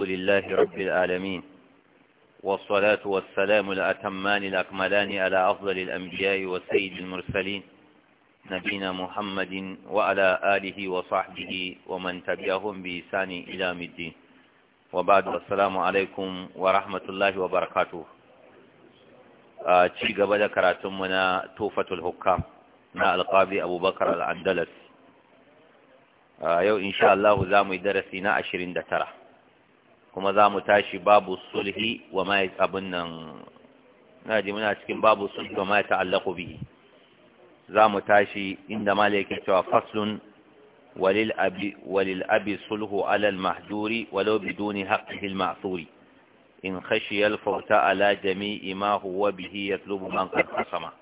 لله رب العالمين والصلاة والسلام الأتمان الأكملان على أفضل الأنبياء والسيد المرسلين نبينا محمد وعلى آله وصحبه ومن تبعهم بإسان إلى الدين وبعد السلام عليكم ورحمة الله وبركاته ci gaba da karatunmu na tofatul hukam na alƙabi abubakar al'andalas yau insha Allah za mu yi darasi na ashirin da tara kuma za mu tashi babu sulhi wa ma abin nan na ji muna cikin babu sulhi wa ma ta'allaqu bihi za mu tashi inda malaka cewa faslun walil abi sulhu alal mahduri mahjuri walau biduni haqqihi al ma'thuri in khashiya al fawta ala jami'i ma huwa bihi yatlubu man qad qasama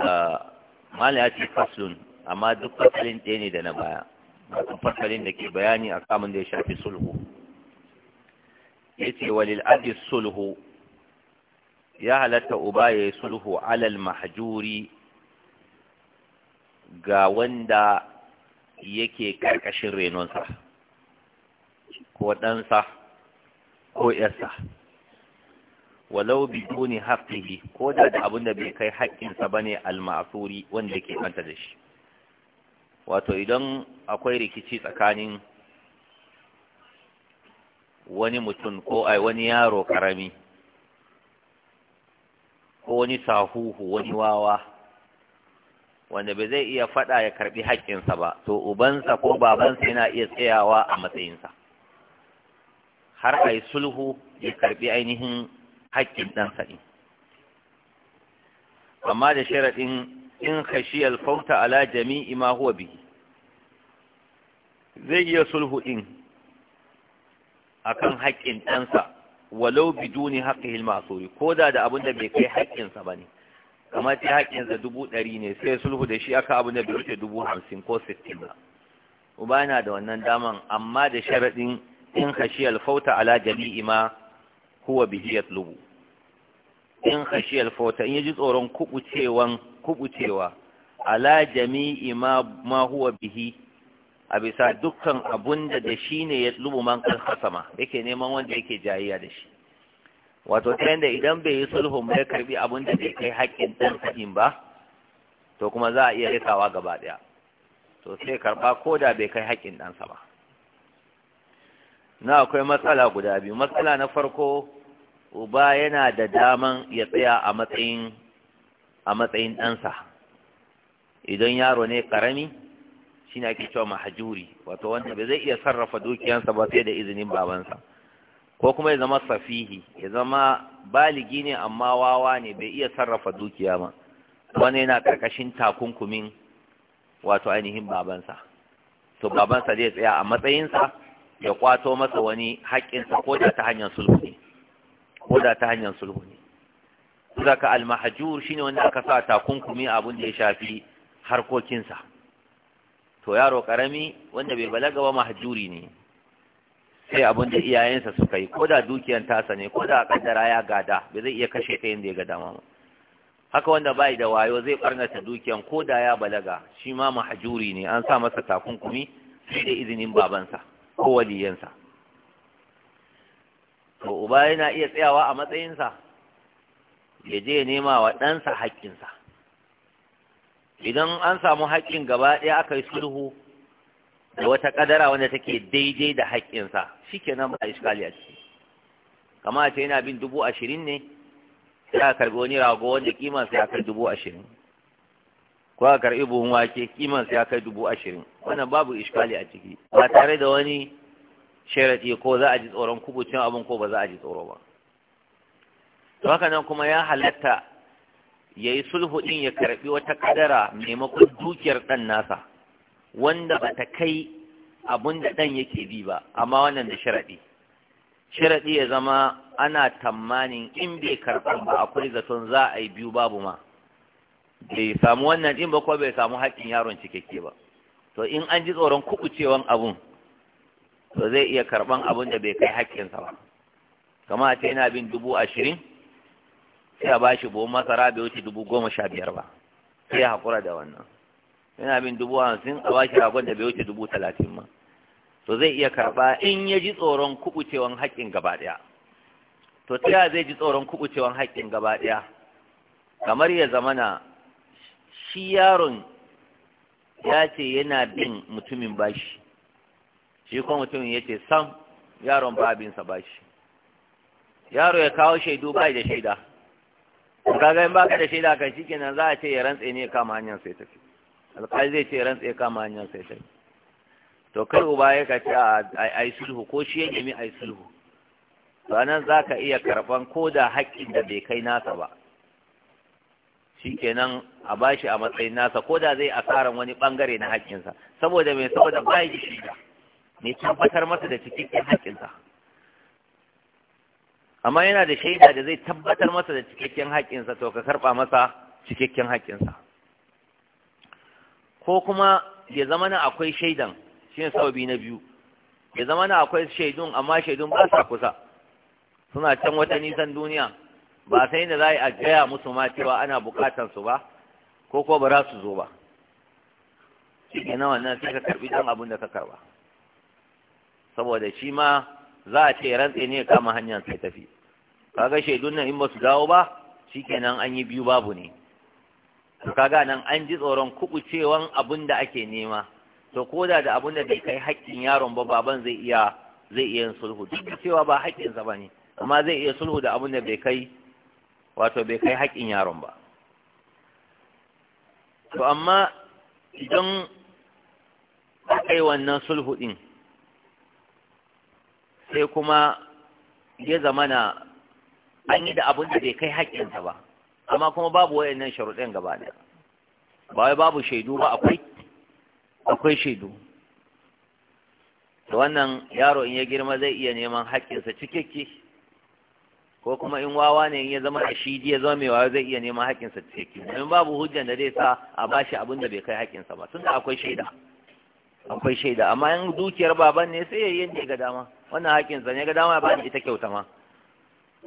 ah, malaka faslun amma duk fasalin ɗaya ne da na baya fasalin da ke bayani a kamun da ya shafi sulhu yace walil abdi sulhu ya halatta uba ya yi sulhu alal mahjuri ga wanda yake karkashin renonsa ko ɗansa ko ‘yarsa walau biduni haqqihi ko da da da bai kai haƙƙinsa bane ne almasuri wanda ke manta da shi wato idan akwai rikici tsakanin wani mutum ko ai wani yaro karami ko wani sahuhu wani wawa wanda bai zai iya faɗa ya karbi haƙƙinsa ba to ubansa ko babansa yana iya tsayawa a matsayinsa har a yi sulhu ya karbi ainihin haƙƙin ɗansa ɗin amma da sharaɗin in khashiyal fauta ala jami'i ma huwa bihi zai iya sulhu ɗin akan haƙƙin ɗansa walau biduni haƙƙihil ma'suri ko da da abin da bai kai haƙƙinsa bane kamar sai haƙƙinsa dubu ɗari ne sai sulhu da shi aka abin da bai wuce dubu hamsin ko sittin ba uba yana da wannan daman amma da sharaɗin in khashiyal fauta ala jami'i ma huwa bihi lubu in khashiyal fauta in yaji tsoron kubucewa ala jami'i ma huwa bihi a bisa dukkan abun da da shi ne ya lubu man kan yake neman wanda yake jayayya da shi wato ta yadda idan bai yi sulhun bai ya karbi abun da bai kai haƙƙin ɗan saɗin ba to kuma za a iya rikawa gaba ɗaya to sai karɓa ko da bai kai haƙƙin ɗansa ba na akwai matsala guda biyu matsala na farko uba yana da daman ya tsaya a matsayin a matsayin ɗansa idan yaro ne ƙarami shine ake cewa mahajuri wato wanda bai zai iya sarrafa dukiyansa ba sai da izinin babansa ko kuma ya zama safihi ya zama baligi ne amma wawa ne bai iya sarrafa dukiya ba wani yana karkashin takunkumin wato ainihin babansa to babansa zai tsaya a matsayinsa ya kwato masa wani haƙƙinsa ko da ta hanyar sulhu ne ko da ta hanyar sulhu ne zaka almahajur shine wanda aka sa takunkumi abin da ya shafi harkokinsa to yaro karami wanda bai balaga ba mahajuri ne sai abin da iyayensa suka yi ko da dukiyan tasa ne ko da kaddara ya gada bai zai iya kashe ta yadda ya ga dama ba haka wanda bai da wayo zai barnata dukiyan ko da ya balaga shi ma mahajuri ne an sa masa takunkumi sai da izinin babansa ko waliyansa to uba yana iya tsayawa a matsayinsa ya je nema wa ɗansa haƙƙinsa idan an samu haƙƙin gaba ɗaya aka yi sulhu da wata ƙadara wanda take daidai da haƙƙinsa shi nan ba a iskali a ciki kama ce yana bin dubu ashirin ne sai aka karbi wani rago wanda kiman sai aka dubu ashirin ko aka karbi buhun wake kiman sai aka dubu ashirin wannan babu iskali a ciki ba tare da wani sharaɗi ko za a ji tsoron kubucin abin ko ba za a ji tsoro ba to haka nan kuma ya halatta ya yi sulhu ɗin ya karɓi wata ƙadara maimakon dukiyar ɗan nasa wanda ba ta kai abun da ɗan yake bi ba amma wannan da sharaɗi sharaɗi ya zama ana tamanin in bai karɓar ba akwai zaton za a yi biyu babu ma bai samu wannan ɗin ba ko bai samu haƙƙin yaron cikakke ba to in an ji tsoron kukucewan abun to zai iya karɓan abun da bai kai haƙƙinsa ba Kamata yana bin dubu ashirin sai a bashi buhu masara bai wuce dubu goma sha biyar ba sai ya haƙura da wannan yana bin dubu hamsin a bashi ragon da bai wuce dubu talatin ma to zai iya karɓa in ya ji tsoron kubucewan haƙƙin gaba ɗaya to ta zai ji tsoron kubucewan haƙƙin gaba ɗaya kamar ya zamana shi yaron ya ce yana bin mutumin bashi shi kuma mutumin ya ce sam yaron ba abinsa bashi yaro ya kawo shaidu bai da shaida kaga in baka da shaida kan shikenan za a ce ya rantse ne kama hanyar sai tafi alƙali zai ce ya rantse kama hanyar sai tafi to kai uba ya ka ce a ai sulhu ko shi yake mi ai sulhu to anan za ka iya karɓan ko da haƙƙin da bai kai nasa ba shikenan a bashi a matsayin nasa ko da zai asaran wani bangare na haƙƙinsa saboda mai saboda ba shi shida ne tabbatar masa da cikakken haƙƙinsa amma yana da shaida da zai tabbatar masa da cikakken haƙƙinsa to ka karɓa masa cikakken haƙƙinsa ko kuma ya zama na akwai shaidan shi ne sababi na biyu ya zama na akwai shaidun amma shaidun ba sa kusa suna can wata nisan duniya ba sai da za a gaya musu ma cewa ana bukatar su ba ko ko ba za su zo ba shi ne na wannan sai ka karɓi ɗan abin da ka karɓa saboda shi ma za a ce rantse ne ya kama hanyar sai tafi kaga shaidun nan in ba su dawo ba shikenan an yi biyu babu ne to kaga nan an ji tsoron kubucewan abin da ake nema to ko da abin da bai kai haƙƙin yaron ba baban zai iya zai iya yin sulhu duk da cewa ba haƙƙinsa ba ne amma zai iya sulhu da abin da bai kai wato bai kai haƙƙin yaron ba to amma idan akai wannan sulhu ɗin sai kuma ya zamana an yi da abin da bai kai haƙƙinsa ba amma kuma babu wayannan sharuɗin gaba ɗaya ba wai babu shaidu ba akwai akwai shaidu da wannan yaro in ya girma zai iya neman haƙƙinsa cikakke ko kuma in wawa ne in ya zama da shi ya zama mai wawa zai iya neman haƙƙinsa cikakke domin babu hujjan da zai sa a bashi abin da bai kai haƙƙinsa ba tunda akwai shaida akwai shaida amma in dukiyar baban ne sai ya yi yadda ga dama wannan haƙƙin zane ga dama ba ita kyauta ma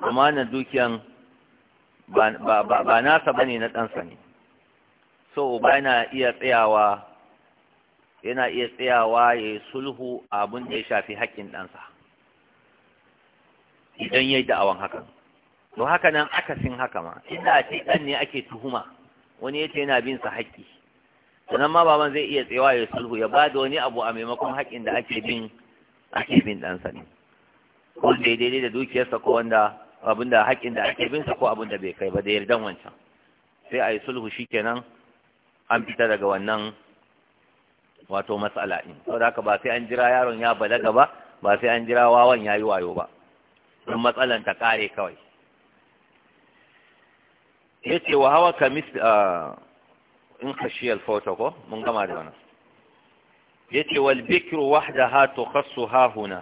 amma na dukiyan ba nasa ba ne na ɗansa ne so ba yana iya tsayawa yana iya ya yi sulhu abin da ya shafi haƙƙin ɗansa idan ya yi da'awan hakan to haka nan aka sin haka ma inda a ce ɗan ne ake tuhuma wani ya ce yana bin sa haƙƙi sannan ma baban zai iya tsayawa ya sulhu ya ba da wani abu a maimakon haƙƙin da ake bin a bin ɗansa ne ko daidai da dukiyarsa ko wanda abin da haƙƙin da binsa ko abin da bai kai ba da yardan wancan sai a yi sulhu shi kenan an fita daga wannan wato matsala ɗin da haka ba sai an jira yaron ya balaga ba ba sai an jira wawan ya yi wayo ba don matsalan ta ƙare kawai ya ce wa hawa ka mis ah, in kashiyar foto ko mun gama da wannan yace wal bikru to kasu ha huna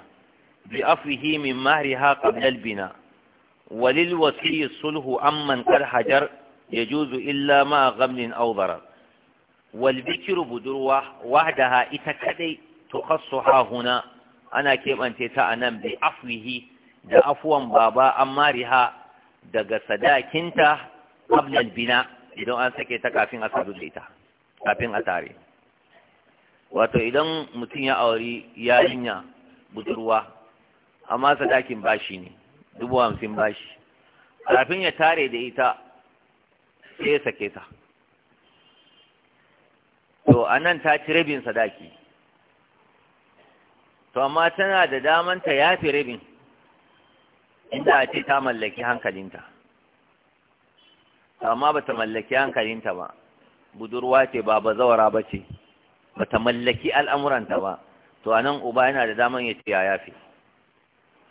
bi afihi min mahriha ha al bina walil wasiy sulhu amman qad hajar yajuzu illa ma ghamlin aw darar wal budurwa wahdaha ita kadai kasu ha huna ana kebance ta anan bi afwihi da afuwan baba an mariha daga sadakinta qabla bina idan an sake ta kafin a sadu kafin a tare wato idan mutum ya auri yarinya budurwa amma sadakin bashi ne dubu hamsin bashi kafin ya tare da ita sai ya sake ta to a nan ta ci rabin sadaki to amma tana da daman ta yafi rabin inda a ce ta mallaki hankalinta amma ba ta mallaki hankalinta ba budurwa ce ba zaura ba ce ba ta mallaki al'amuranta ba to a nan uba yana da daman ya ce ya yafi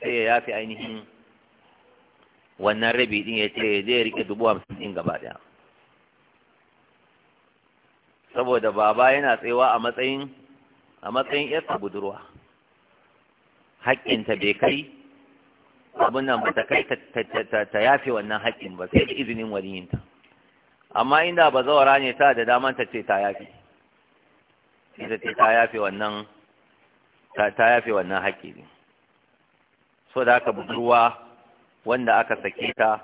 sai ya yafi ainihin wannan rabi din ya ce zai rike dubu hamsin din gaba daya saboda baba yana tsayawa a matsayin a matsayin yarsa budurwa haƙƙinta bai kai abin nan ba ta kai ta yafe wannan haƙƙin ba sai izinin waliyinta amma inda ba zawara ne ta da damanta ta ce ta yafe ita ce ta yafe wannan ta yafe wannan haƙƙi ne so da aka budurwa wanda aka sake ta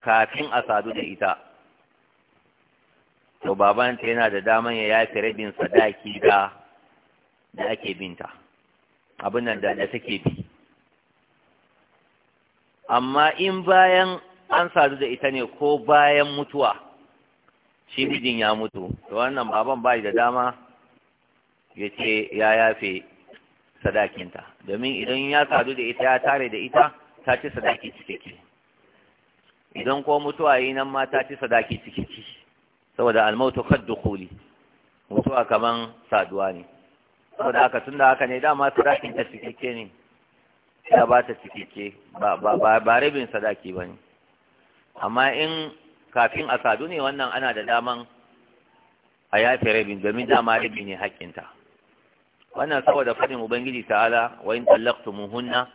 kafin a sadu da ita to babanta yana da daman ya yafe rabin sadaki da da ake binta abin nan da take bi amma in bayan an sadu da ita ne ko bayan mutuwa shi mijin ya mutu to wannan baban bai da dama ya ce ya yafe sadakinta domin idan ya sadu da ita ya tare da ita ta ci sadaki cikakke idan ko mutuwa yi nan ma ta ci sadaki cikakke saboda almautu kaddu kuli mutuwa kaman saduwa ne saboda haka tun da haka ne dama sadakin ta cikakke ne ya ba ta cikakke ba rabin sadaki ba ne amma in kafin a sadu ne wannan ana da daman a yafe rabin domin dama rabi ne haƙƙinta wannan saboda fadin ubangiji ta'ala wa in tallaqtumuhunna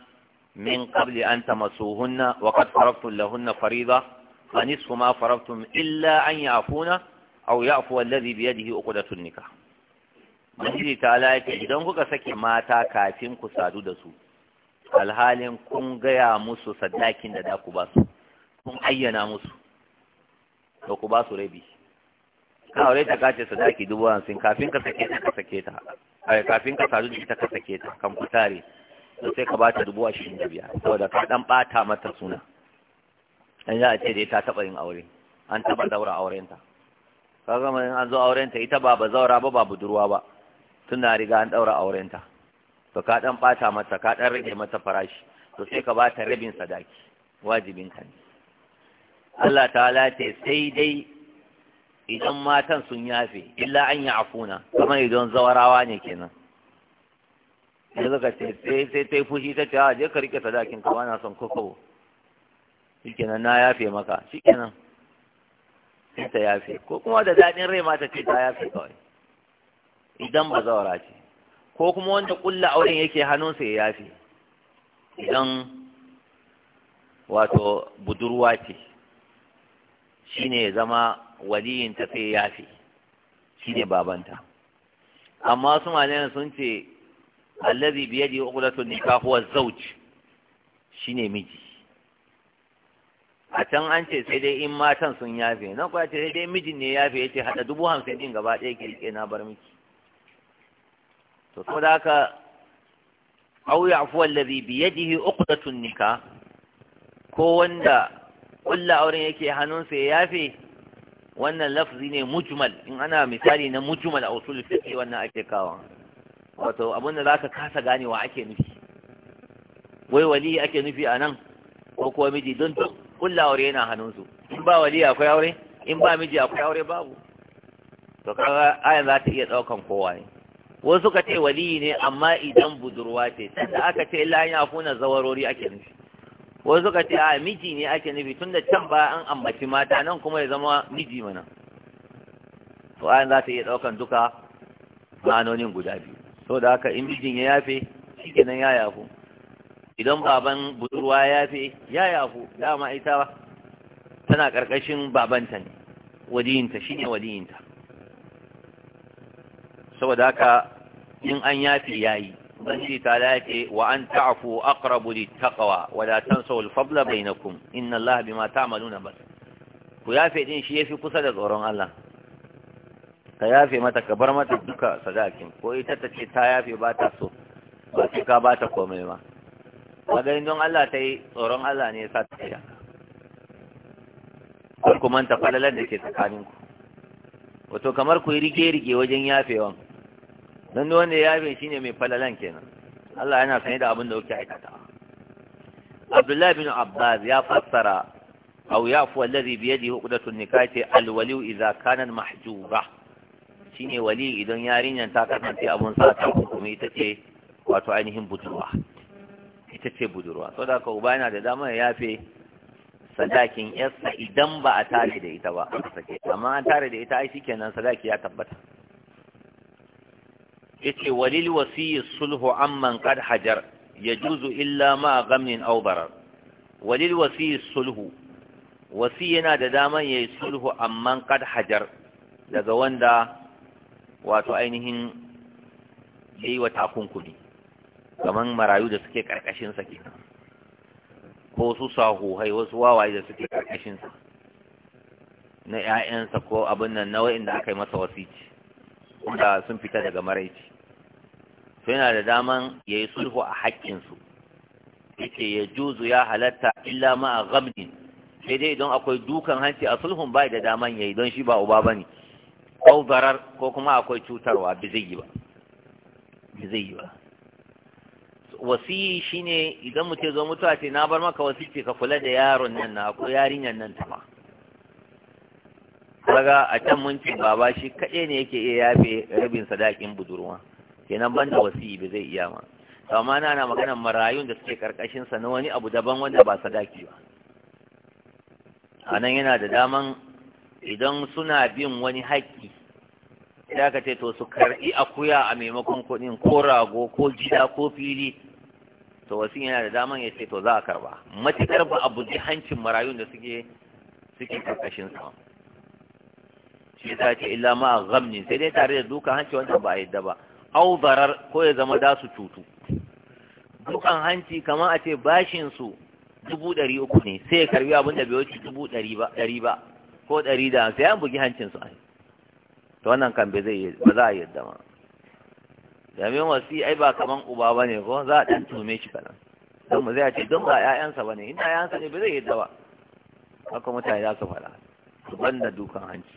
min qabli an tamassuhunna wa qad faraftum lahunna fariida fa nisfu ma faraftum illa an ya'funa aw ya'fu alladhi bi yadihi uqdatun nikah ubangiji ta'ala yake idan kuka sake mata kafin ku sadu da su alhalin kun gaya musu sadakin da da ku ba su kun ayyana musu da ku ba su rabi ka aure ta kace sadaki dubu hamsin kafin ka sake ta ka sake ta kafin ka sadu da ka sake ta kan kutare sai ka bata dubu ashirin da biyar saboda ka dan bata mata suna an za ce dai ta taba yin aure an taba daura aurenta kaga mai an zo auren ta ita ba ba zaura ba ba budurwa ba suna riga an daura aurenta to ka dan bata mata ka dan rage mata farashi to sai ka bata rabin sadaki wajibin ka ne Allah ta'ala ce sai dai idan matan sun yafe illa an yi afuna kamar idan zawarawa ne kenan sai zaka ce sai ta yi fushi ta ce a ah, je ka rike sadakin ka bana son kokobo kenan na yafe maka kenan sai ta yafe ko kuma da daɗin rai mata ce ta yafe kawai idan ba zawara ce ko kuma wanda kulla auren yake hannunsa ya yafe idan wato budurwa ce shi ya zama waliyin ta sai ya fi ne babanta amma su malayan sun ce allazi bi yadi uqdatun nikah huwa zawj ne miji a can an ce sai dai in matan sun yafe na kuwa ce sai dai mijin ne yafe ya ce haɗa dubu hamsin din gaba ɗaya ke rike na bar miki to saboda haka ya ya'fu allazi bi yadihi uqdatun nikah ko wanda kulla auren yake hannunsa ya yafe wannan lafzi ne mujmal in ana misali na mujmal a usul fiqh wannan ake kawo wato abinda zaka kasa ganewa ake nufi wai wali ake nufi a nan ko kuwa miji don to kulla aure yana hannunsu in ba wali akwai aure in ba miji akwai aure babu to kaga ayan za ta iya daukan kowa ne wasu ka ce wali ne amma idan budurwa ce tunda aka ce illa an yakuna zawarori ake nufi wasu suka ce a miji ne ake nufi tun da can ba an ambaci mata nan kuma ya zama miji mana to ayan za ta iya ɗaukan duka ma'anonin guda biyu so da haka in mijin ya yafe shi kenan ya yafu idan baban budurwa ya yafe ya yafu dama ita tana ƙarƙashin babanta ne wadiyinta ne wadiyinta saboda haka in an yafe ya yi. ubangiji ta lace wa an ta'fu aqrabu littaqwa wa la tansaw al-fadla bainakum inna allaha bima ta'maluna basir ku yafe din shi yafi kusa da tsoron Allah ka yafe mata ka bar mata duka sadakin ko ita ta ce ta yafe ba ta so ba sai ka ba ta komai ba. kaga don Allah ta yi tsoron Allah ne ya sa ta yi kar ku manta falalar da ke tsakaninku wato kamar ku yi rike-rike wajen yafewan don wanda ya yabe ne mai falalan kenan Allah yana sanye da abin da kuke aikata Abdullah bin Abbas ya fassara aw yafu alladhi bi yadihi uqdatun al alwali idza kana mahjuba shine wali idan yarinyar ta kasance abun sa ta kuma ita ce wato ainihin budurwa ita ce budurwa saboda ka uba yana da damar ya yafe sadakin yarsa idan ba a tare da ita ba amma an tare da ita ai kenan sadaki ya tabbata yace walil wasiyyi sulhu amman qad hajar yajuzu illa ma ghamnin aw darar walil wasiyyi sulhu wasi yana da daman yayi sulhu amman qad hajar daga wanda wato ainihin yayi wa takunkumi kaman marayu da suke karkashin sa ke, ko su sahuhai wasu wawaye da suke karkashin sa na ƴaƴansa ko abin nan na inda aka yi masa wasici wanda sun fita daga maraici to yana da daman ya yi sulhu a haƙƙinsu yake ya juzu ya halatta illa ma a gamni sai dai idan akwai dukan hanci a sulhun bai da daman ya yi don shi ba uba ba ne ko zarar ko kuma akwai cutarwa bi yi ba bi zai yi wasiyi shine idan ce zo mutuwa ce na bar maka ce ka kula da yaron nan na ko yarinyar nan ta ma daga a can mun ce baba shi kaɗai ne yake iya yafe rabin sadakin budurwa kenan banda wasiyi ba zai iya ma to amma na ana maganar marayun da suke karkashin sa na wani abu daban wanda ba sadaki ba anan yana da daman idan suna bin wani haƙƙi da kace to su karɓi akuya a maimakon kuɗin ko rago ko gida ko fili to wasu yana da daman ya ce to za a karba matuƙar ba abu ji hancin marayun da suke suke karkashin sa shi ta ce illa ma a gamni sai dai tare da duka hanci wanda ba a yadda ba au zarar ko ya zama da su cutu dukan hanci kamar a ce bashin su dubu ɗari uku ne sai ya karbi abin da bai wuce dubu ɗari ba ko ɗari da sai an bugi hancin su ai to wannan kan bai zai ba za a yadda ma domin wasi ai ba kaman uba ba ne ko za a ɗan tume shi kanan don mu zai ce don ba ƴaƴansa ba ne in ƴaƴansa ne ba zai yadda ba haka mutane za su faɗa su banda dukan hanci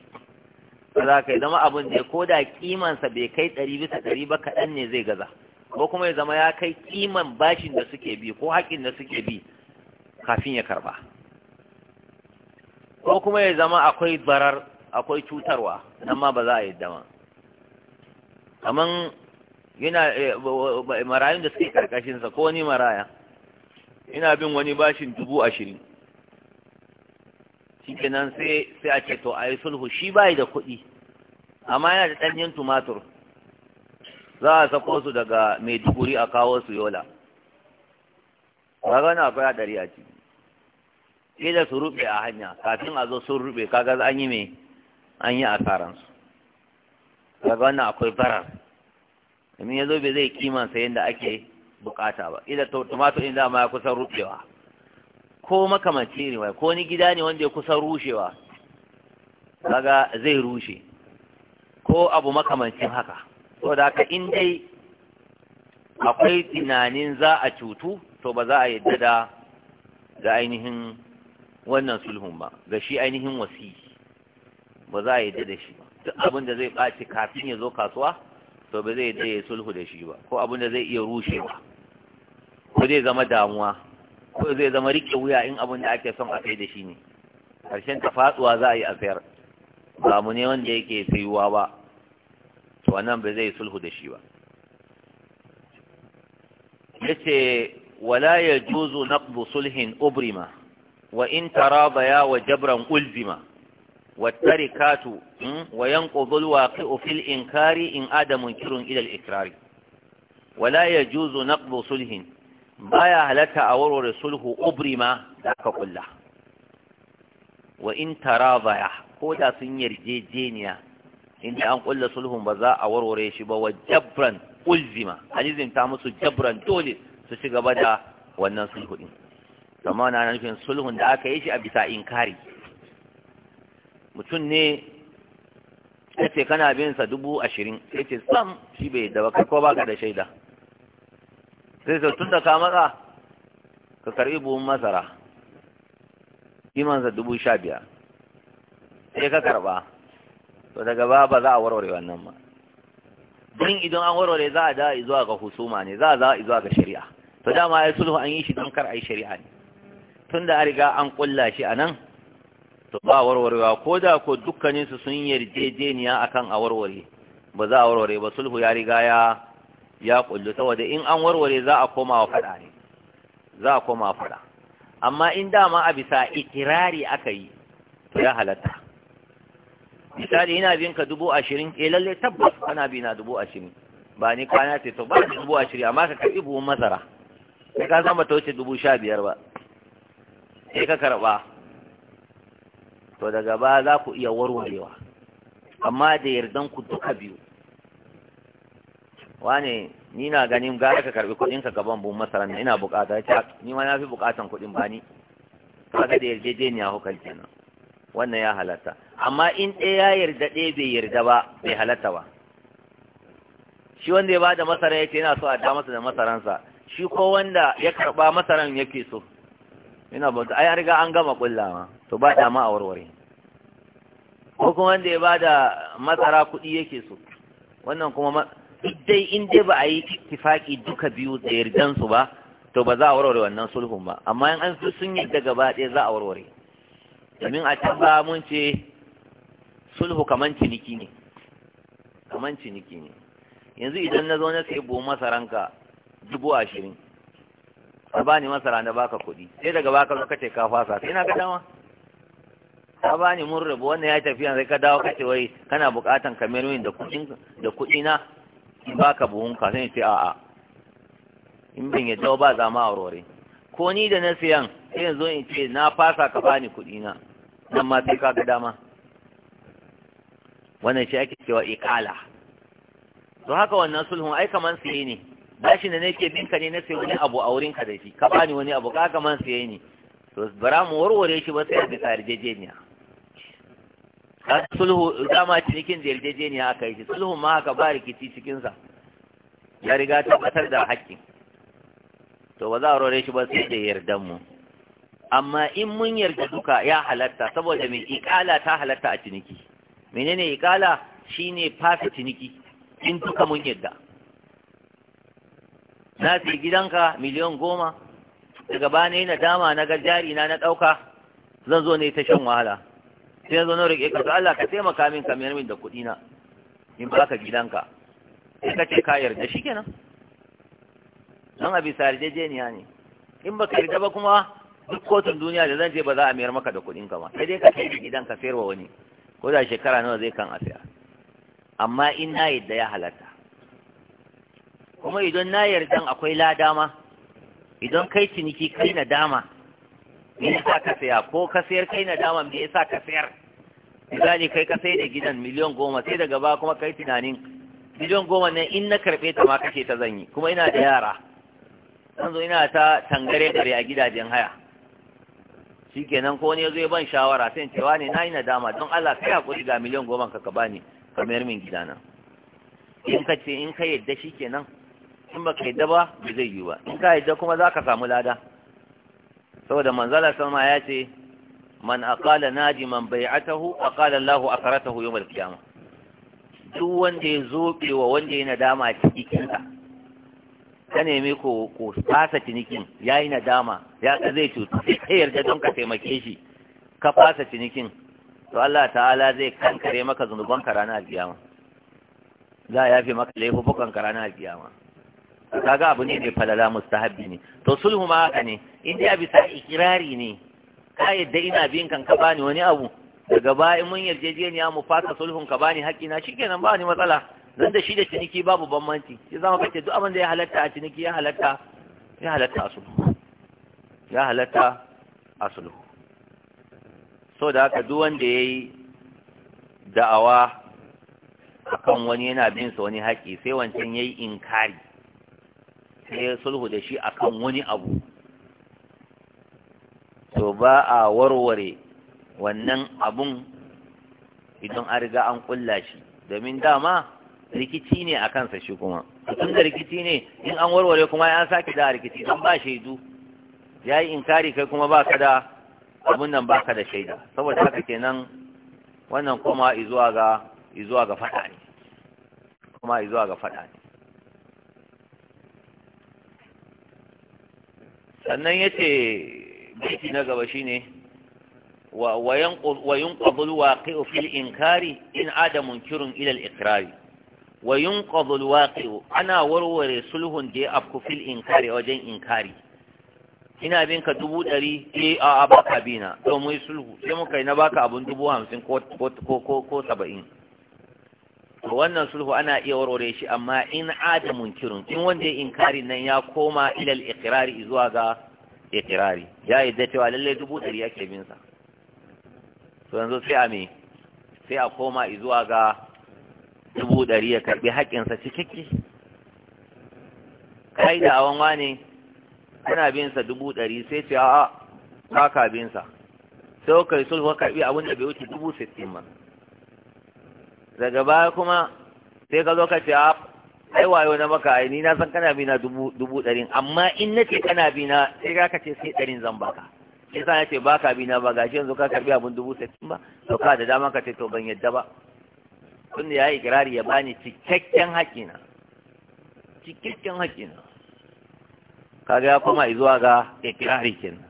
ba za ka yi zama abin da ko da kimansa bai kai ɗari bisa ɗari ba kaɗan ne zai gaza ko kuma ya zama ya kai kiman bashin da suke bi ko haƙin da suke bi kafin ya karba ko kuma ya zama akwai barar akwai cutarwa nan ma ba za a yi dama kaman yana eh, marayun da suke karkashinsa ko wani maraya ina bin wani bashin dubu ashirin shikenan sai sai a ce to ayi sulhu shi bai da kuɗi amma yana da ɗanyen tumatur za a sako su daga maiduguri a kawo su yola kaga na akwai hadari a ciki sai da su rube a hanya kafin a zo sun rube kaga an yi me an yi asaransu kaga akwai barar domin ya zo bai zai kimansa yadda ake bukata ba idan tumatur in dama ya kusan rubewa ko makamancin wai ko ni gida ne wanda ya kusa rushewa kaga zai rushe ko abu makamancin haka to da haka in dai akwai tunanin za a cutu to ba za a yadda da ga ainihin wannan sulhun ba ga shi ainihin wasi ba za a yadda da shi ba duk abin da zai ɓaci kafin ya zo kasuwa to ba zai yadda ya sulhu da shi ba ko abin da zai iya rushewa ko zai zama damuwa ko zai zama rike wuya in abin da ake son a kai da shi ne ƙarshen ta za a yi a ba mu ne wanda yake sayuwa ba to nan ba zai sulhu da shi ba yace wala yajuzu naqdu sulhin ubrima wa in tarabaya wa jabran ulzima والتركات وينقض الواقع في in إن آدم منكر إلى الإكرار ولا يجوز نقض sulhin. baya halatta a warware sulhu ubrima da aka kulla wa in ko da sun yarjejeniya inda an kulla sulhun ba za a warware shi ba wa jabran ulzima an ta musu jabran dole su ci gaba da wannan sulhu din amma na nufin sulhun da aka yi shi a bisa inkari mutum ne ya ce kana bin sa dubu ashirin yace ce sam shi bai da ba ko baka da shaida sai ce tun da ka matsa ka karbi buhun masara imansa dubu sha biyar sai ka karba to daga ba ba za a warware wannan ba don idan an warware za a yi zuwa ga husuma ne za a za zuwa ga shari'a to dama ya sulhu an yi shi don kar a yi shari'a ne tun da riga an kulla shi a nan to ba warwarewa ko da ko dukkaninsu sun yarjejeniya akan a warware ba za a warware ba sulhu ya riga ya ya kullu saboda in an warware za a koma wa fada ne za a koma fada amma in dama a bisa ikirari aka yi to ya halatta misali ina bin ka dubu ashirin ke eh, lalle tabbas kana bi na dubu ashirin ba ni kwana ce to ba dubu ashirin amma ka karɓi buhun masara sai ka zama ta wuce dubu sha biyar ba sai ka karɓa to daga ba za ku iya warwarewa amma da yardan ku duka biyu wane ni na ganin gara ka karbi kudin ka gaban masara masaran ina bukata ta ni ma na fi bukatan kuɗin ba ni ga da yarjejeniya hukal kenan wannan ya halatta amma in ɗaya ya yarda ɗaya bai yarda ba bai halatta ba shi wanda ya bada masara ce yana so a da masa da masaransa shi ko wanda ya karba masaran yake so ina ba ai riga an gama kullama to ba dama a warware ko kuma wanda ya bada masara kuɗi yake so wannan kuma duk dai in dai ba a yi ittifaki duka biyu da yardansu ba to ba za a warware wannan sulhun ba amma in an su sun yarda gaba ɗaya za a warware domin a can mun ce sulhu kaman ciniki ne kaman ciniki ne yanzu idan na zo na sai bo masaranka dubu ashirin ka ba ni masara na baka kuɗi sai daga baka zo kace ka fasa sai na ga dama ka ba ni mun rabu wannan ya tafi yanzu ka dawo kace wai kana buƙatan kamar yin da kuɗin da kuɗi na in ba ka buhunka sai ce a'a in ban yadda ba za ma aurore ko ni da na siyan sai yanzu in ce na fasa ka bani kuɗi na nan ma sai ka ga dama wannan shi ake cewa ikala to haka wannan sulhun ai kaman siye ne bashi da nake binka ne na sai wani abu a wurinka da shi ka bani wani abu ka kaman siye ne to bara mu warware shi ba sai a bisa yarjejeniya sulhu dama cinikin da yarjejeniya aka yi sulhu ma haka ba rikici cikin sa ya riga tabbatar da haƙƙin to ba za a rore shi ba sai da yardan mu amma in mun yarda duka ya halatta saboda mai ikala ta halatta a ciniki menene ikala shine fasa ciniki in duka mun yarda na fi gidanka miliyan goma daga bane na dama na gajari na na ɗauka zan zo ne ta shan wahala sai zo na roƙe ka to Allah ka taimaka min ka mayar min da kuɗi na in ba ka gidanka sai ka ce ka yarda shi kenan don a bisa yarjejeniya ne in ba ka yarda ba kuma duk kotun duniya da zan je ba za a mayar maka da kuɗin ka ba sai dai ka kai da sayar sayarwa wani ko da shekara nawa zai kan a saya amma in na yarda ya halatta kuma idan na yarda akwai lada ma idan kai ciniki kai na dama me yasa ka saya ko ka sayar kai na dama me yasa ka sayar misali kai ka sai da gidan miliyan goma sai daga ba kuma kai tunanin miliyan goma ne in na karɓe ta ma kake ta zanyi kuma ina da yara zan zo ina ta tangare gare a gidajen haya shikenan ko ne zai ban shawara sai in cewa ne na yi nadama don Allah kai hakuri ga miliyan goma ka ka bani ka mayar min gidana in ka ce in ka yadda shikenan in baka yadda ba ba zai yi ba in ka yadda kuma za ka samu lada saboda manzala sama ya ce man aqala najiman bai'atahu aqala Allah asratahu yawm al-qiyamah duk wanda ya zobe wa wanda ya nadama cikin sa ka nemi ko ko fasa cinikin yayi nadama ya ka zai cutu sai yarda don ka taimake shi ka fasa cinikin to Allah ta'ala zai kankare maka zunubanka ka ranar alkiyama za ya fi maka laifukan ka ranar alkiyama kaga abu ne mai falala mustahabbi ne to sulhu ma haka ne in dai bisa ikirari ne ka yadda ina bin kan ka bani wani abu daga baya mun yarjejeniya mu fasa sulhun ka bani haƙi na shikenan ba ni matsala zan da shi da ciniki babu bambanci shi zama kace duk abin da ya halatta a ciniki ya halatta ya halatta a sulhu ya halatta a sulhu so da haka duk wanda yayi da'awa akan wani yana bin sa wani haƙi sai wancan yayi inkari sai yi sulhu da shi akan wani abu to ba a warware wannan abun idan an riga an kulla shi domin dama rikici ne a kansa shi kuma tun da rikici ne in an warware kuma ya sake da rikici don ba shaidu ya yi inkari kai kuma ba ka da abun nan ba ka da shaida saboda haka kenan wannan kuma izuwa ga izuwa kuma izuwa ga fada ne sannan ya ce baiti na gaba shine wa yunqadhu alwaqi'u fil inkari in ada adamun ilal ilal iqrari wa yunqadhu alwaqi'u ana warware sulhun da ya afku fil inkari wajen inkari ina bin ka dubu ɗari ke eh, a baka bina domin sulhu sai muka yi na baka abun dubu hamsin ko saba'in to wannan sulhu ana iya warware shi amma in ada munkirun in wanda ya inkari nan ya koma ilal iqrari zuwa ga iqrari ya yadda cewa lalle dubu ɗari yake bin sa to yanzu sai a me sai a koma zuwa ga dubu ɗari ya karɓi haƙƙinsa cikakke kai da awan wani kana bin sa dubu ɗari sai ce a ba ka bin sa sai kai sulhu ka karɓi abin da bai wuce dubu sittin ba daga baya kuma sai ka zo ka ce a ai wayo na maka ai ni na san kana bi na dubu dubu ɗarin amma in na ce kana bi na sai ka ka ce sai ɗarin zan baka sai sa ce baka bi na ba shi yanzu ka karbi abin dubu sittin ba to ka da dama ka ce to ban yadda ba tunda ya yi ikirari ya bani cikakken haƙƙina cikakken haƙƙina kaga ya kuma zuwa ga ikirari kenan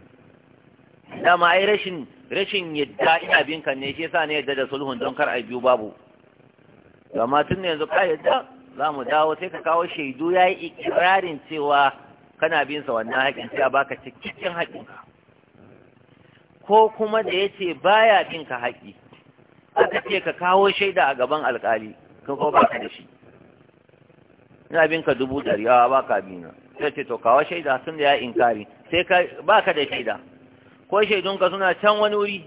dama ai rashin rashin yadda ina bin kan ne shi yasa ne yadda da sulhun don kar a biyu babu amma tun yanzu ƙayyada za mu dawo sai ka kawo shaidu ya yi ikirarin cewa kana bin sa wannan haƙin sai a baka cikakken haƙinka ko kuma da ya ce baya bin ka haƙi aka ce ka kawo shaida a gaban alƙali ka ko baka da shi ina bin ka dubu ɗari a bi bina sai ce to kawo shaida sun da ya inkari sai ka baka da shaida ko shaidunka suna can wani wuri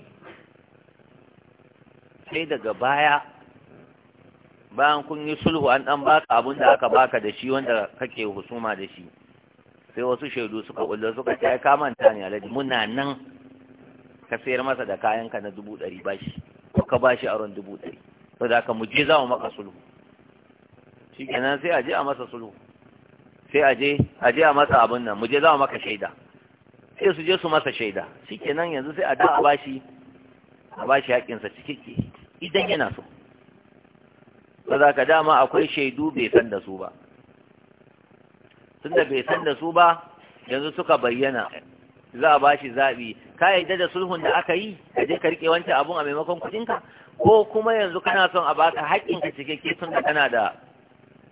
sai daga baya bayan kun yi sulhu an dan baka abin da aka baka da shi wanda kake husuma da shi sai wasu shaidu suka kullo suka ce ai ka manta ne alaji muna nan ka sayar masa da kayanka na dubu ɗari bashi ko ka bashi ran dubu ɗari to da ka muje za mu maka sulhu kenan sai a je a masa sulhu sai a je a je a masa abin nan muje za mu maka shaida sai su je su masa shaida kenan yanzu sai a da a bashi a bashi haƙƙinsa cikakke idan yana so ba za ka dama akwai shaidu bai san da su ba tunda bai san da su ba yanzu suka bayyana za a ba shi zaɓi ka yadda da sulhun da aka yi ka je ka riƙe wancan abun a maimakon kuɗinka ko kuma yanzu kana son a baka haƙƙinka cikakke tun da kana da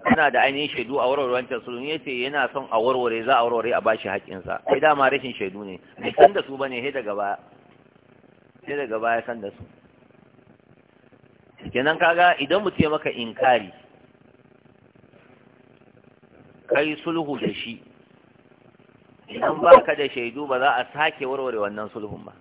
kana da ainihin shaidu a warware wancan sulhun ya ce yana son a warware za a warware a bashi haƙƙinsa sai dama rashin shaidu ne bai san da su ba ne sai daga baya sai daga baya san da su kenan kaga idan mutum ya maka inkari kai sulhu da shi idan baka da shaidu ba za a sake warware wannan sulhun ba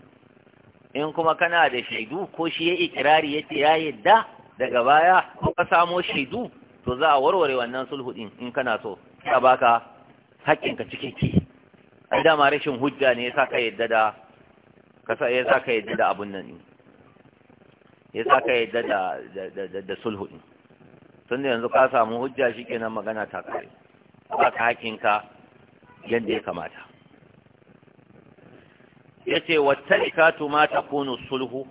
in kuma kana da shaidu ko shi ya ikirari ya ce ya yadda daga baya ko ka samo shaidu to za a warware wannan sulhu din in kana so ka baka haƙƙinka cikakke Adama dama rashin hujja ne ya sa ka yadda da ya sa ka yadda da abun nan ne ya sa ka yadda da sulhu ɗin tun da yanzu ka samu hujja shi magana ta kare ba ka hakinka yadda ya kamata ya ce Rikatu ma ta kunu sulhu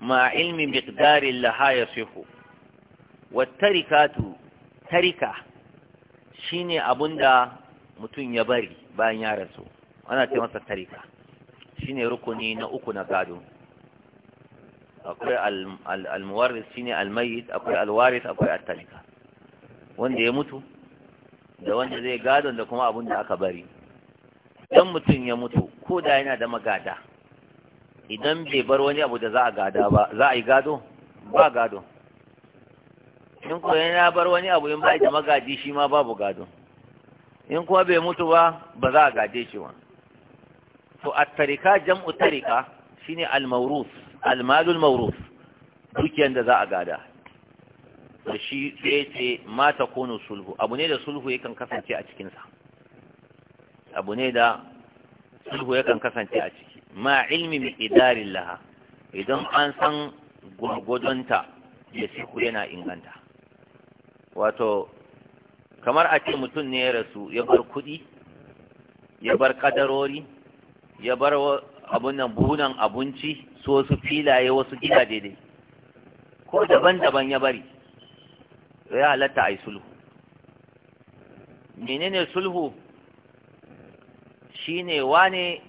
ma ilmi miqdarin laha ya sihu Rikatu tarika shine abun da mutum ya bari bayan ya rasu ana ce masa tarika shine rukuni na uku na gado akwai al shi shine al akwai alwaris akwai at wanda ya mutu da wanda zai gadon da kuma abin da aka bari idan mutum ya mutu ko da yana da magada idan bai bar wani abu da za a gada ba za a yi gado ba gado in ko yana bar wani abu in ba da magadi shi ma babu gado in kuma bai mutu ba ba za a gade shi ba to at jam'u tarika shine al almalul mawruf dukiyar da za a gada da shi sai ce mata kono sulhu abu ne da sulhu yakan kasance a cikinsa abu ne da sulhu yakan kasance a ciki ma ilmin idarin laha idan an san gwargwadonta da siku yana inganta wato kamar a ce mutum ne ya rasu ya bar kuɗi ya bar kadarori ya bar abun nan buhunan abinci su wasu filaye wasu gidaje ne ko daban-daban ya bari ya halatta a yi sulhu menene sulhu shi ne wane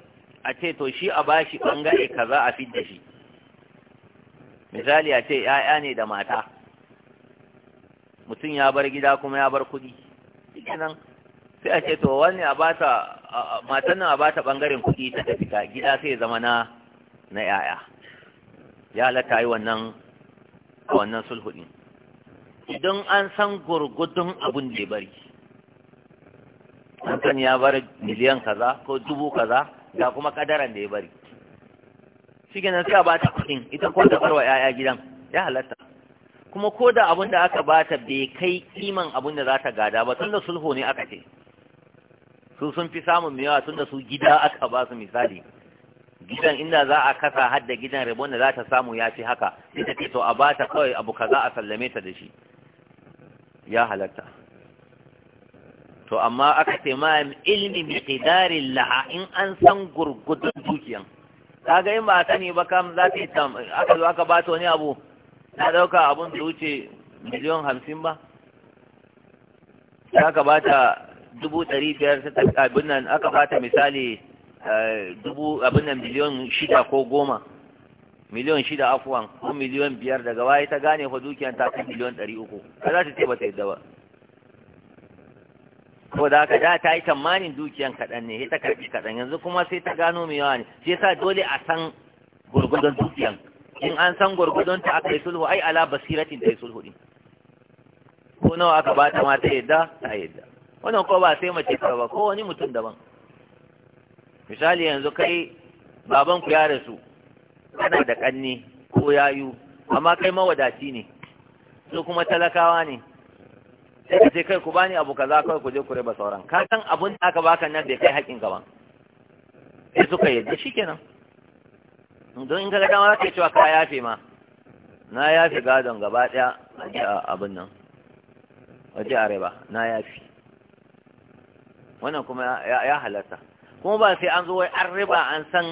a ce to shi a bashi ɓangare kaza a fi da shi misali a ce ‘ya'ya ne da mata mutum ya bar gida kuma ya bar kuɗi ikinan sai a ce to wani a bata matan nan a bata ɓangaren kuɗi ta tafi ta gida sai zama na na yaya ya halatta yi wannan wannan sulhu din idan an san gurgudun abun da ya bari an ya bar miliyan kaza ko dubu kaza ga kuma kadaran da ya bari shi gina sai a bata kuɗin ita ko da farwa 'ya'ya gidan ya halatta kuma ko da abin da aka bata bai kai kiman abin da za ta gada ba tun da sulhu ne aka ce su sun fi samun mewa da su gida aka ba su misali gidan inda za a kasa hadda gidan rabon da za ta samu ya fi haka sai ta ce to a bata kawai abu kaza a sallame ta da shi ya halatta to amma aka ce ma ilmi bi qidarin laha in an san gurgudun dukiyan kaga in ba sani ba kam za ta yi aka zo aka bata wani abu ta dauka abun da wuce miliyon hamsin ba ta ka bata dubu ɗari biyar ta tafi abin nan aka bata misali Eh, dubu abin nan miliyon shida ko goma miliyon shida afuwan ko miliyon biyar daga waye ta gane fa dukiyan ta kai miliyon ɗari uku ka za ta ce ba ta yadda ba ko da haka da ta yi tamanin dukiyan kaɗan ne ta karɓi kaɗan yanzu kuma sai ta gano mai yawa ne shi sa dole a san gurgudon dukiyan in an san gurgudon ta aka yi sulhu ai ala basiratin ta yi sulhu ɗin? ko nawa aka ba ta ma ta yadda ta yadda wannan ko ba sai mace ta ba ko wani mutum daban misali yanzu kai baban ku ya rasu kana da kanni ko yayu amma kai mawadaci ne su kuma talakawa ne sai ka ce kai ku bani abu kaza kawai ku je ku riba sauran ka san abun da aka baka nan bai kai haƙin gaban sai suka yadda shikenan don in ka ga dama za ka cewa ka yafe ma na yafe gadon gaba ɗaya a abin nan waje a raba na yafe wannan kuma ya halatta kuma ba sai an zo wai an riba an san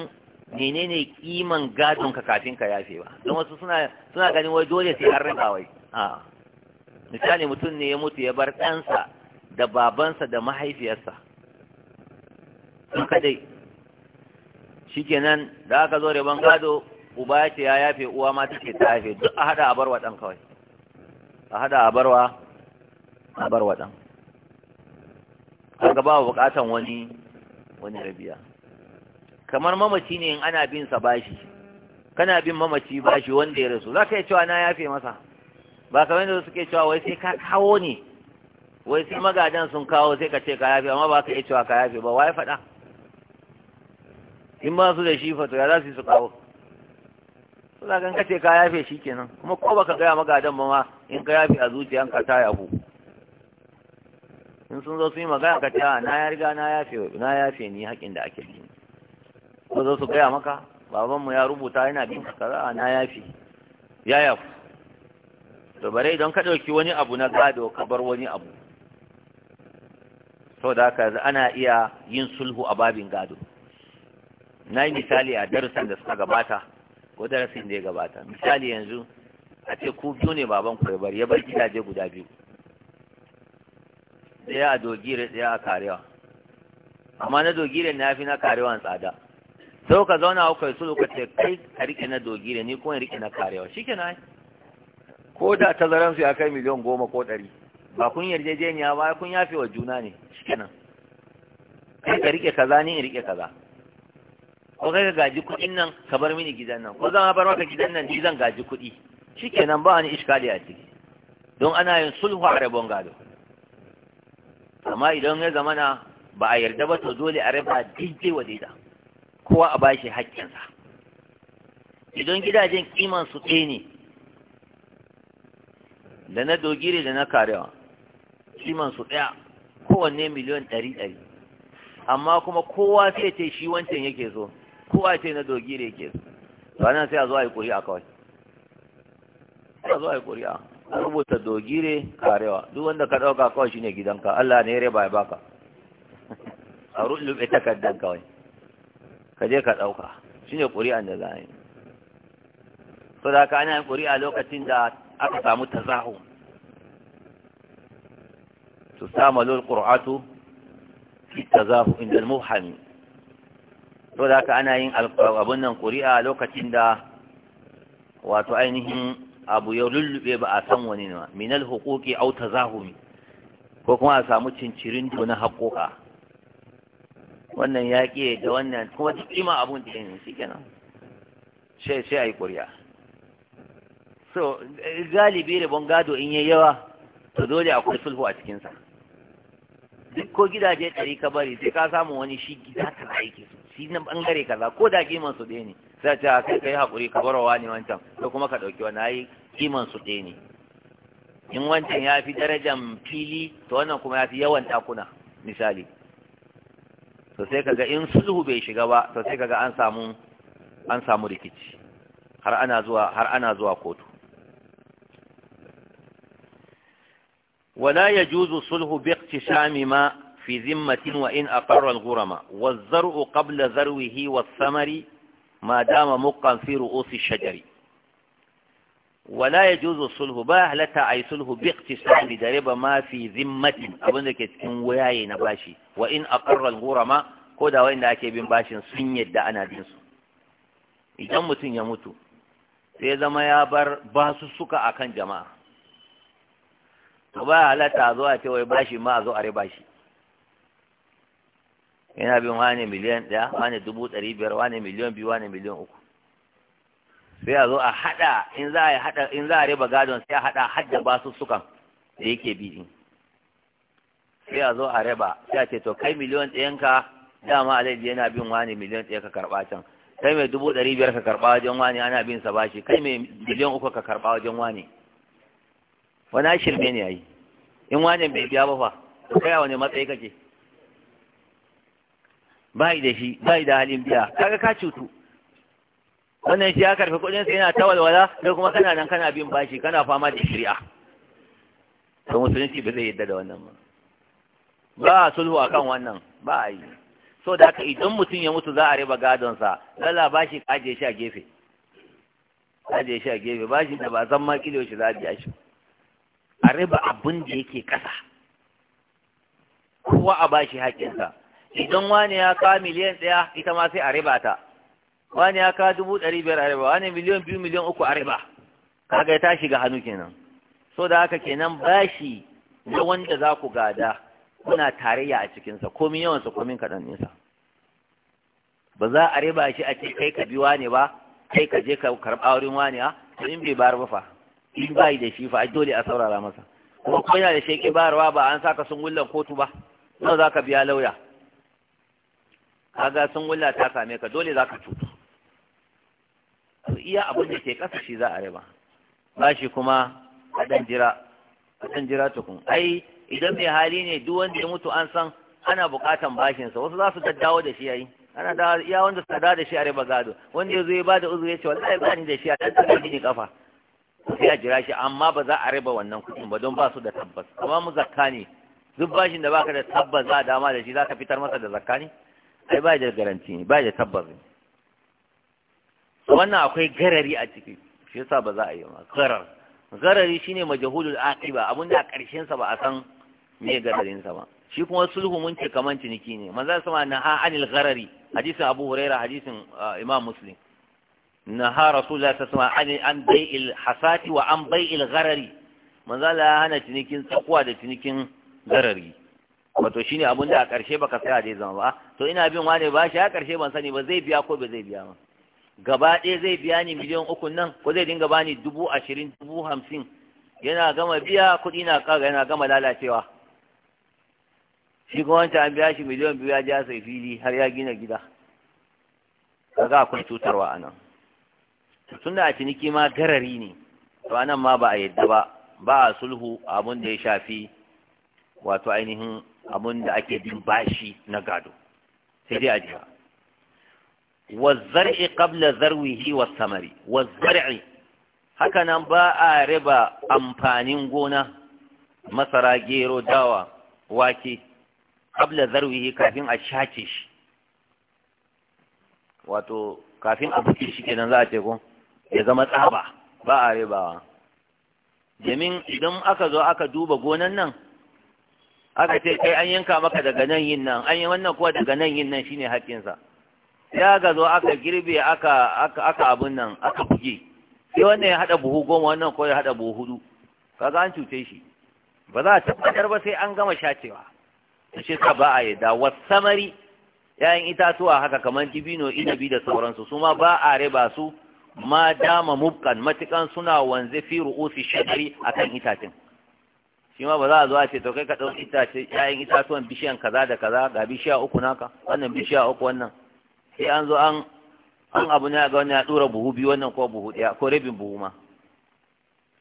ne kiman gadon ka kafin ka yafe ba don wasu suna suna ganin wai dole sai an riba wai a misali mutum ne ya mutu ya bar ɗansa da babansa da mahaifiyarsa sun kadai shikenan da aka zo riban gado uba ya ce ya yafe uwa ma ta ce ta yafe duk a hada a barwa ɗan kawai a hada a barwa a barwa ɗan kaga ba bukatan wani wani rabiya kamar mamaci ne in ana bin sa bashi kana bin mamaci bashi wanda ya rasu za ka yi cewa na yafe masa ba kamar yadda suke cewa wai sai ka kawo ne wai sai magadan sun kawo sai ka ce ka yafe amma ba ka yi cewa ka yafe ba wai faɗa in ba su da shi fato ya za su yi su kawo su za ka ce ka yafe shi kenan kuma ko baka gaya magadan ba ma in ka yafe a zuciyanka ta yabo. in sun zo su yi magana ka ta na ya riga na yafe na ni haƙin da ake bi ko zo su gaya maka Babanmu ya rubuta yana bin ka kaza na fi ya ku. to bare idan ka ɗauki wani abu na gado ka bar wani abu ka haka ana iya yin sulhu a babin gado na yi misali a darasin da suka gabata ko darasin da ya gabata misali yanzu a ce ku biyu ne baban ku ya bar ya bar gidaje guda biyu ɗaya a dogire ɗaya a karewa amma na dogire na fi na karewa tsada sau ka zauna ku kai sulu ka ce kai ka rike na dogire ni kuma rike na karewa shi ke nai ko da tazaran su ya kai miliyan goma ko ɗari ba kun yarjejeniya ba kun yafe wa juna ne shi ke nan kai ka rike kaza ni in rike kaza ko kai ka gaji kuɗin nan ka bar mini gidan nan ko zan bar maka gidan nan ni zan gaji kuɗi shi ke nan ba wani iskali a ciki don ana yin sulhu a rabon gado amma idan ya zamana ba a yarda ba to dole a raba daidai wa daida kowa a bashi haƙƙinsa idan gidajen kiman su ɗaya ne da na dogire da na karewa kiman su ɗaya kowanne miliyon ɗari ɗari amma kuma kowa sai ce shi wancan yake so kowa ce na dogire yake so nan sai a zo a yi ƙuri'a kawai sai a zo a yi ƙuri'a a rubuta dogire karewa duk wanda ka ɗauka kawai shine gidanka Allah ne ya reba ya baka a rullube takardar kawai ka je ka ɗauka ne ƙuri'an da za a yi so da ka ana yin ƙuri'a lokacin da aka samu tazahu to lul qur'atu fi tazahu inda al-muhami so da ka ana yin abun nan ƙuri'a lokacin da wato ainihin abu ya lullube ba a san wani ne minal huquqi aw tazahumi ko kuma a samu cincirin na haƙoƙa wannan ya ƙi da wannan kuma duk ima abun da ne shi kenan sai sai yi ƙuriya so galibi da bongado in yayi yawa to dole akwai sulhu a cikin sa duk ko gidaje ɗari ka bari sai ka samu wani shi gida ka aiki so shi na bangare kaza ko da kiman su ɗaya ne sai ce kai kai hakuri ka bar wani wancan ko kuma ka dauki wani ai kiman su ɗaya ne in wancan ya fi darajar fili to wannan kuma ya fi yawan ɗakuna misali to sai kaga in sulhu bai shiga ba to sai kaga an samu an samu rikici har ana zuwa har ana zuwa kotu ولا يجوز الصلح باقتسام ما في ذمة وإن أقر الغرم والزرع قبل ذروه والثمر ma dama muqqan fi ru'usi shajari wala ya yajuzu sulhu baya halatta ay sulhu bi iqtisali da riba ma fi zimmatin abin da ke cikin wayaye na bashi wa in aqarra al-ghurama ko da wanda ake bin bashin sun yadda ana bin idan mutum ya mutu sai zama ya bar basu suka akan jama'a to ba halatta zo a ce bashi ma a zo a riba shi yana bin wane miliyan ɗaya wane dubu ɗari biyar wane miliyan biyu wane miliyan uku sai a zo a haɗa in za a haɗa in za a riba gadon sai a haɗa hadda basussukan da yake bi din sai a zo a riba sai a ce to kai miliyan ɗayanka dama alaji yana bin wani miliyan ɗaya ka karɓa can kai mai dubu ɗari biyar ka karɓa wajen wani ana bin sa bashi kai mai miliyan uku ka karɓa wajen wani wani shirme ne yi in wani bai biya ba fa kai a wani matsayi kake bai da shi bai da halin biya kaga ka cutu wannan shi ya karfi kuɗin sa yana tawalwala sai kuma kana nan kana bin bashi kana fama da shari'a to musulunci ba zai yadda da wannan ba ba sulhu akan wannan ba yi so da haka idan mutum ya mutu za a riba gadonsa lalla bashi kaje shi a gefe kaje shi a gefe bashi da ba zan ma kilo shi za a biya shi a riba abin da yake kasa kowa a bashi haƙinsa idan wani ya ka miliyan ɗaya ita ma sai a riba ta wani ya ka dubu ɗari biyar a riba wani miliyan biyu miliyan uku a riba kaga ta shiga hannu kenan so da haka kenan bashi da wanda za ku gada kuna tarayya a cikinsa komin yawansa komin kaɗan nesa ba za a riba shi a ce kai ka bi wani ba kai ka je ka karɓa wurin wani a in bai bayar ba fa in bai da shi fa dole a saurara masa kuma kuma yana da sheke bayarwa ba an saka sun gullan kotu ba nawa za ka biya lauya kaga sun wulla ta same ka dole za ka cutu iya abin da ke ƙasa shi za a riba ba shi kuma a ɗan jira a ɗan jira tukun ai idan mai hali ne duk wanda ya mutu an san ana buƙatan bashinsa wasu za su daddawo da shi yayi ana da iya wanda suka da shi a riba gado wanda ya zo ya bada uzuri ya ce wallahi ba ni da shi a ɗan tsaka ne kafa sai a jira shi amma ba za a riba wannan kuɗin ba don ba su da tabbas amma mu zakka ne duk bashin da baka da tabbas za a dama da shi za ka fitar masa da zakka ne ai ba da garanti ne ba da tabbas ne wannan akwai garari a ciki shi yasa ba za a yi ma garar garari shine majhulul aqiba abun da karshen sa ba a san me gararin sa ba shi kuma sulhu mun ce kaman ciniki ne manzo sama na ha anil garari hadisin Abu Huraira hadisin ah, Imam Muslim naha rasulullah sallallahu alaihi wasallam an bai'il hasati wa an bai'il garari manzo la ya hana cinikin tsakuwa da cinikin garari wato shine abun da a ƙarshe baka a dai zama ba to ina bin wane ba shi a ƙarshe ban sani ba zai biya ko ba zai biya ba gaba ɗaya zai biya ni miliyan uku nan ko zai dinga bani dubu ashirin dubu hamsin yana gama biya kuɗi na ƙara yana gama lalacewa shi kuma an biya shi miliyan biyu ya ja sai fili har ya gina gida kaga akwai cutarwa a nan tun da a ciniki ma garari ne to anan ma ba a yadda ba ba a sulhu abun da ya shafi wato ainihin abin da ake bin bashi na gado sai dai ajiya wazzar'i qabla zarwihi wa samari wazzar'i haka nan ba a riba amfanin gona masara gero dawa wake qabla zarwihi kafin a shace shi wato kafin a buke shi kenan za a ce ko ya zama tsaba ba a ribawa domin idan aka zo aka duba gonan nan aka ce kai an yanka maka daga nan yin nan an yi wannan kuwa daga nan yin nan shine haƙƙinsa ya ga zo aka girbe aka aka aka abun nan aka buge sai wannan ya hada buhu goma wannan ko ya hada buhu hudu kaga an cuce shi ba za a tabbatar ba sai an gama shacewa shi ba a yadda wasamari ‘ya'yan itatuwa haka kamar dibino inabi da sauransu su ma ba a riba su ma dama mubkan matukan suna wanze fi ru'usi shagari akan itacin shi ma ba za a zuwa ce to kai ka ɗauki itace ƴaƴan itatuwan bishiyan kaza da kaza ga bishiya uku naka wannan bishiya uku wannan sai an zo an an abu ne ga wannan ya ɗora buhu biyu wannan ko buhu ɗaya ko rabin buhu ma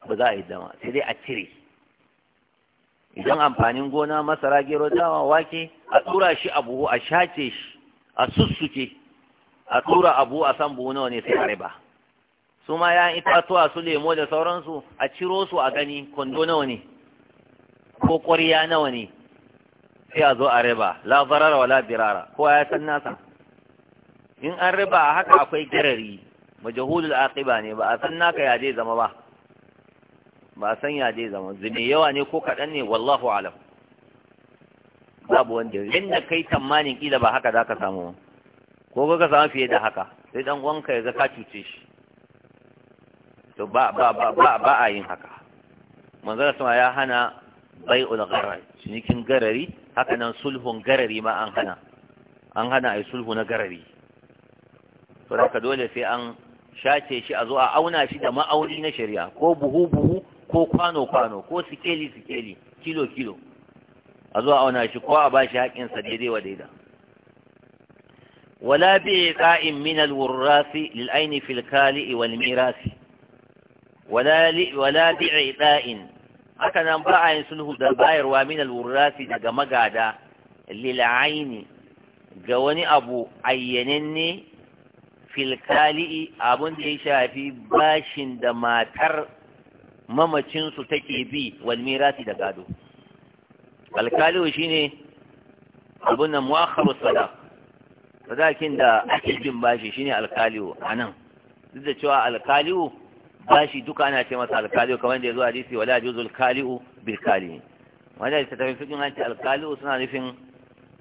ba za a yi dama sai dai a cire idan amfanin gona masara gero dama wake a ɗura shi a buhu a shace shi a sussuke a tura abu a san buhu nawa ne sai a riba su ma ya itatuwa su lemo da sauransu a ciro su a gani kwando nawa ne ko ƙwariya nawa ne sai a zo a riba la zarara wala dirara kowa ya san nasa in an riba haka akwai girari majahulul aqiba ne ba a san naka ya dai zama ba ba a san ya dai zama zume yawa ne ko kaɗan ne wallahu alam babu wanda yanda kai tamanin kila ba haka za ka samu ko ka samu fiye da haka sai dan wanka ya ga cuce shi to ba ba ba ba a yin haka manzara sama ya hana bai'ul gharar cinikin garari haka nan sulhun garari ma an hana an hana ai sulhu na garari to haka dole sai an shace shi a zo a auna shi da ma'auni na shari'a ko buhu buhu ko kwano kwano ko sikeli sikeli kilo kilo a zo a auna shi ko a bashi haƙin sa daidai wa daida wala bi qa'im min al-wurrasi lil-ayn fil kali wal-mirasi wala li wala bi qa'in haka nan ba a yin sulhu da bayarwa min alwurrasi daga magada lil'aini ga wani abu ayyananne filkali'i abun da ya shafi bashin da matar mamacinsu take bi walmirasi da gado shi shine abin da mu'akharu sadaq sadakin da ake bin bashi shine alkali'u anan duk da cewa alkali'u bashi duka ana ce masa alkali kamar yadda ya zo hadisi wala juzul kali'u bil kali wanda ya tafi fikin an ce alkali'u suna nufin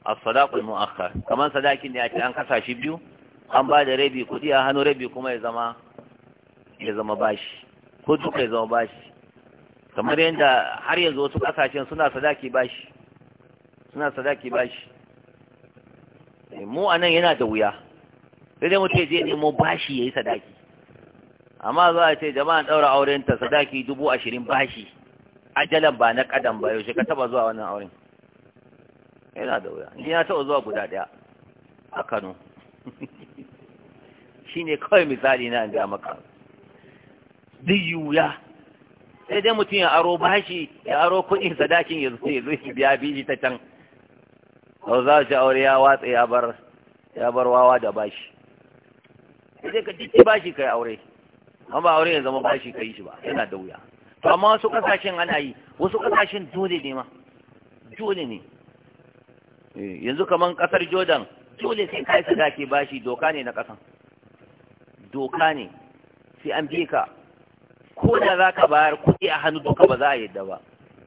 as-sadaqul mu'akhkhar kamar sadakin da a ce an kasa shi biyu an ba da rabi kuɗi a hannu rabi kuma ya zama ya zama bashi ko duka ya zama bashi kamar yadda har yanzu wasu kasashen suna sadaki bashi suna sadaki bashi eh, mu anan yana da wuya sai dai mutum ya je nemo bashi ya yi sadaki amma za a ce jama'an ɗaura auren ta sadaki dubu ashirin bashi ajalan ba na kadan ba yaushe ka taba zuwa wannan auren yana da wuya ni na taba zuwa guda ɗaya a Kano shine kawai misali na ga maka duk wuya. sai dai mutum ya aro bashi ya aro kuɗin sadakin ya zo ya zo ya biya biji ta can sau za shi aure ya watsa ya bar ya bar wawa da bashi sai ka jiki bashi kai aure an ba aure ya zama bashi kai shi ba yana da wuya to amma wasu kasashen ana yi wasu kasashen dole ne ma dole ne eh, yanzu kaman kasar Jordan dole sai kai ba bashi doka ne na kasan doka ne sai an bi ka ko da za ka bayar kuɗi a hannu duka ba za a yadda ba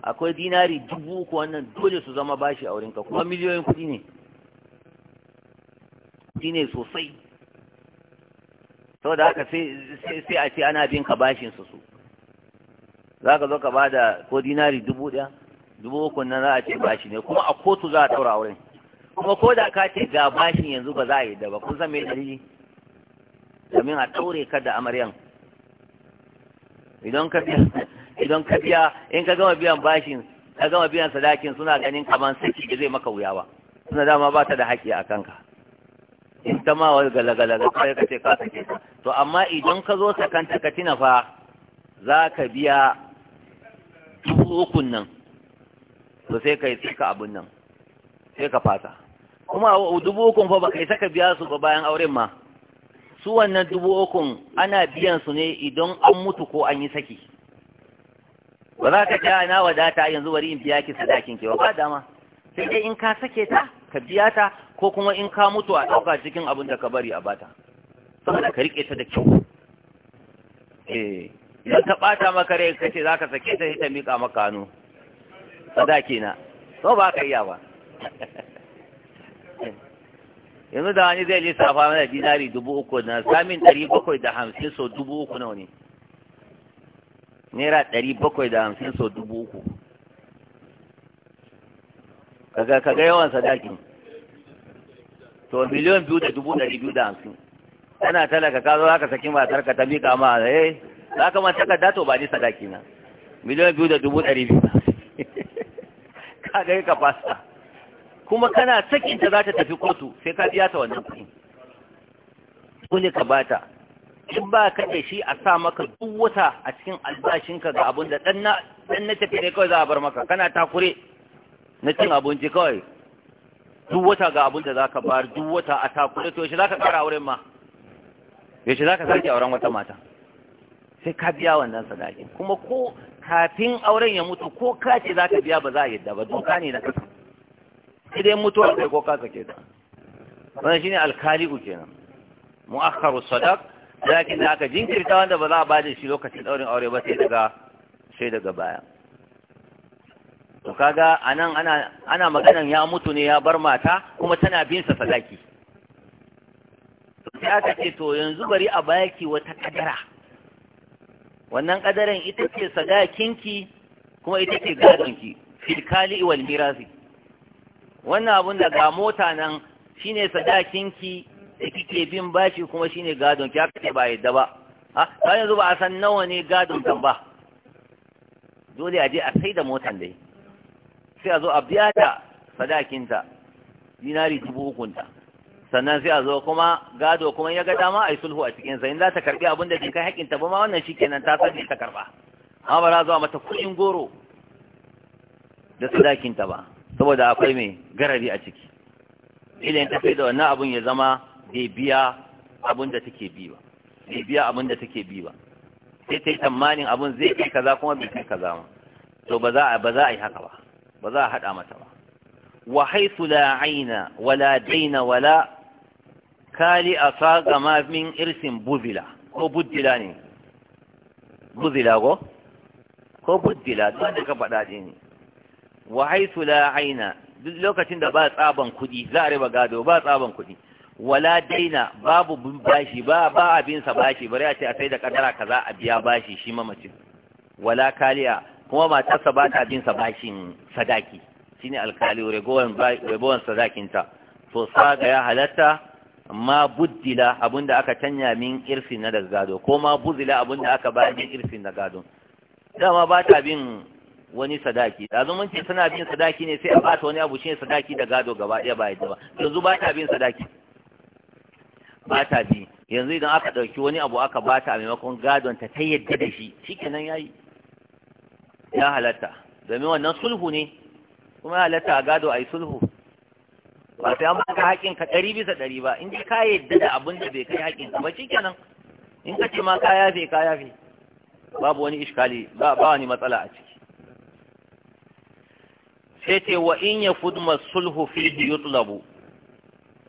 akwai dinari dubu uku wannan dole su zama bashi a wurinka kuma miliyoyin kuɗi ne kuɗi ne sosai da haka sai a ce ana bin ka bashin su su za ka zo ka ba da ko dinari dubu ɗaya dubu uku nan za a ce bashi ne kuma a kotu za a taura wurin kuma ko da ka ce ga bashin yanzu ba za a yi da ba kun san me dalili domin a ɗaure ka da amaryan idan ka idan ka biya in ka gama biyan bashin ka gama biyan sadakin suna ganin kaman saki da zai maka wuya ba suna dama ba ta da haƙƙi a kanka in ta ma wa galagalaga sai ka ce ka sake ta to amma idan ka zo sakanta ka tina fa za ka biya dubu ukun nan to sai ka yi tsika abun nan sai ka fasa kuma dubu ukun fa ba kai saka biya su ba bayan auren ma su wannan dubu ukun ana biyan su ne idan an mutu ko an yi saki ba za ka ja na wadata yanzu bari in biya ki sadakin ki ba ba dama sai dai in ka sake ta ka biya ta ko kuma in ka mutu a ɗauka cikin abin da ka bari a bata saboda ka riƙe ta da kyau eh idan ta ɓata maka rai ka ce za ka sake ta hita miƙa maka hannu ke na so ba ka iya ba yanzu da wani zai je safa mana dinari dubu uku na samin ɗari bakwai da hamsin so dubu uku na wani naira ɗari bakwai da hamsin so dubu uku kaga kaga yawan sadakin to miliyan biyu da dubu ɗari biyu da hamsin tana talaka ka zo haka sakin matar ka ta miƙa ma eh za ka manta takarda to ba ni sadaki na miliyan biyu da dubu ɗari biyu ka ga ka fasa kuma kana sakin ta za ta tafi kotu sai ka biya ta wannan kuɗi dole ka bata in ba ka da shi a sa maka duk wata a cikin albashinka ga abin da ɗan na tafi ne kawai za a bar maka kana takure na cin abinci kawai duk wata ga abin da zaka bar duk wata a takure to shi zaka ƙara auren ma shi zaka sake auren wata mata sai ka biya wannan sadakin kuma ko kafin auren ya mutu ko ka ce zaka biya ba za a yadda ba doka ne na kasa sai dai mutuwa kai ko ka sake ta wannan shine ku kenan mu'akhkharu sadaq lakin da aka jinkirta wanda ba za a bada shi lokacin daurin aure ba sai daga sai daga baya to kaga anan ana ana maganan ya mutu ne ya bar mata kuma tana bin sa sadaki to sai aka ce to yanzu bari a baki wata kadara wannan kadaran ita ce sadakinki kuma ita ce gadonki fil kali wal mirasi wannan abun da ga mota nan shine sadakinki da kike bin bashi kuma shine gadonki haka ce ba yadda ba ha ta yanzu ba a san nawa ne gadon kan ba dole a je a sai da motan dai sai a zo a biya da sadakinta dinari dubu hukunta, sannan sai a zo kuma gado kuma ya ga dama a yi sulhu a cikin sa in za ta karbi abin da jikin kai haƙƙinta ba ma wannan kenan ta san ta karba amma ba za zuwa mata kuɗin goro da sadakinta ba saboda akwai mai garabi a ciki idan ta fi da wannan abun ya zama bai biya abun da take bi ba bai biya abun da take bi ba sai ta yi tsammanin abun zai kai kaza kuma bai kai kaza ba to ba za a yi haka ba ba za a haɗa mata ba wa haithu la aina wala daina wala kali a saga ma min irsin buzila ko buddila ne buzila ko ko buddila duk da ka faɗa ne wa haithu la aina duk lokacin da ba tsaban kuɗi za a riba gado ba tsaban kuɗi wala daina babu bashi ba ba abinsa bashi bari a ce a sai da kadara kaza a biya bashi shi mamacin wala kaliya kuma matarsa ba ta bin sa bashin sadaki shine alkali ragowar sadakinta to saga ya halatta ma buddila abinda aka canya min irsi na daga gado ko ma buzila abinda aka ba min irsi na gado dama ba ta bin wani sadaki da mun ce suna bin sadaki ne sai a ba ta wani abu shine sadaki da gado gaba ɗaya ba yadda ba yanzu ba ta bin sadaki ba ta bi yanzu idan aka ɗauki wani abu aka ba ta a maimakon gadon ta ta yadda da shi shikenan yayi ya halatta domin wannan sulhu ne kuma ya halatta a gado a yi sulhu ba sai an baka haƙin ka ɗari bisa ɗari ba in ji ka yadda da abin da bai kai haƙin ba shi kenan in ka ce ma ka yafe ka yafe babu wani iskali ba ba wani matsala a ciki sai ce wa in ya fudma sulhu fihi yutlabu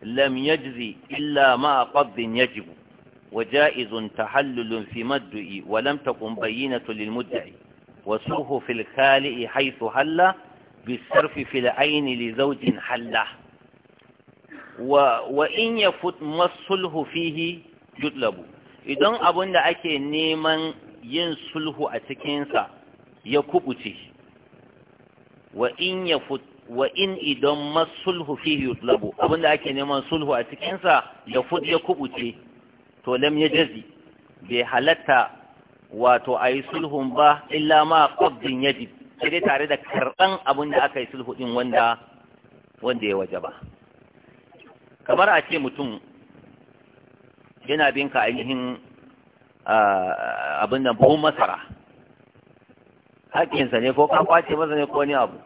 lam yajzi illa ma qadin yajibu وجائز تحلل في مدعي ولم تكن بينة للمدعي wasuhu fil khali'i haisu halla بالصرف في العين لزوج حله و... وإن يفت مصله فيه يطلب idan abin da ake neman yin sulhu a cikinsa ya kubuce wa in ya wa in idan masulhu abin da ake neman sulhu a cikinsa ya ya kubuce to lam bai halatta wato a yi sulhun ba illa ma kwabdin yajib sai dai tare da karɓan abin da aka yi sulhu ɗin wanda wanda ya waje ba kamar a ce mutum yana bin ka ainihin abin da buhun masara haƙƙinsa ne ko kafa kwace masa ne ko wani abu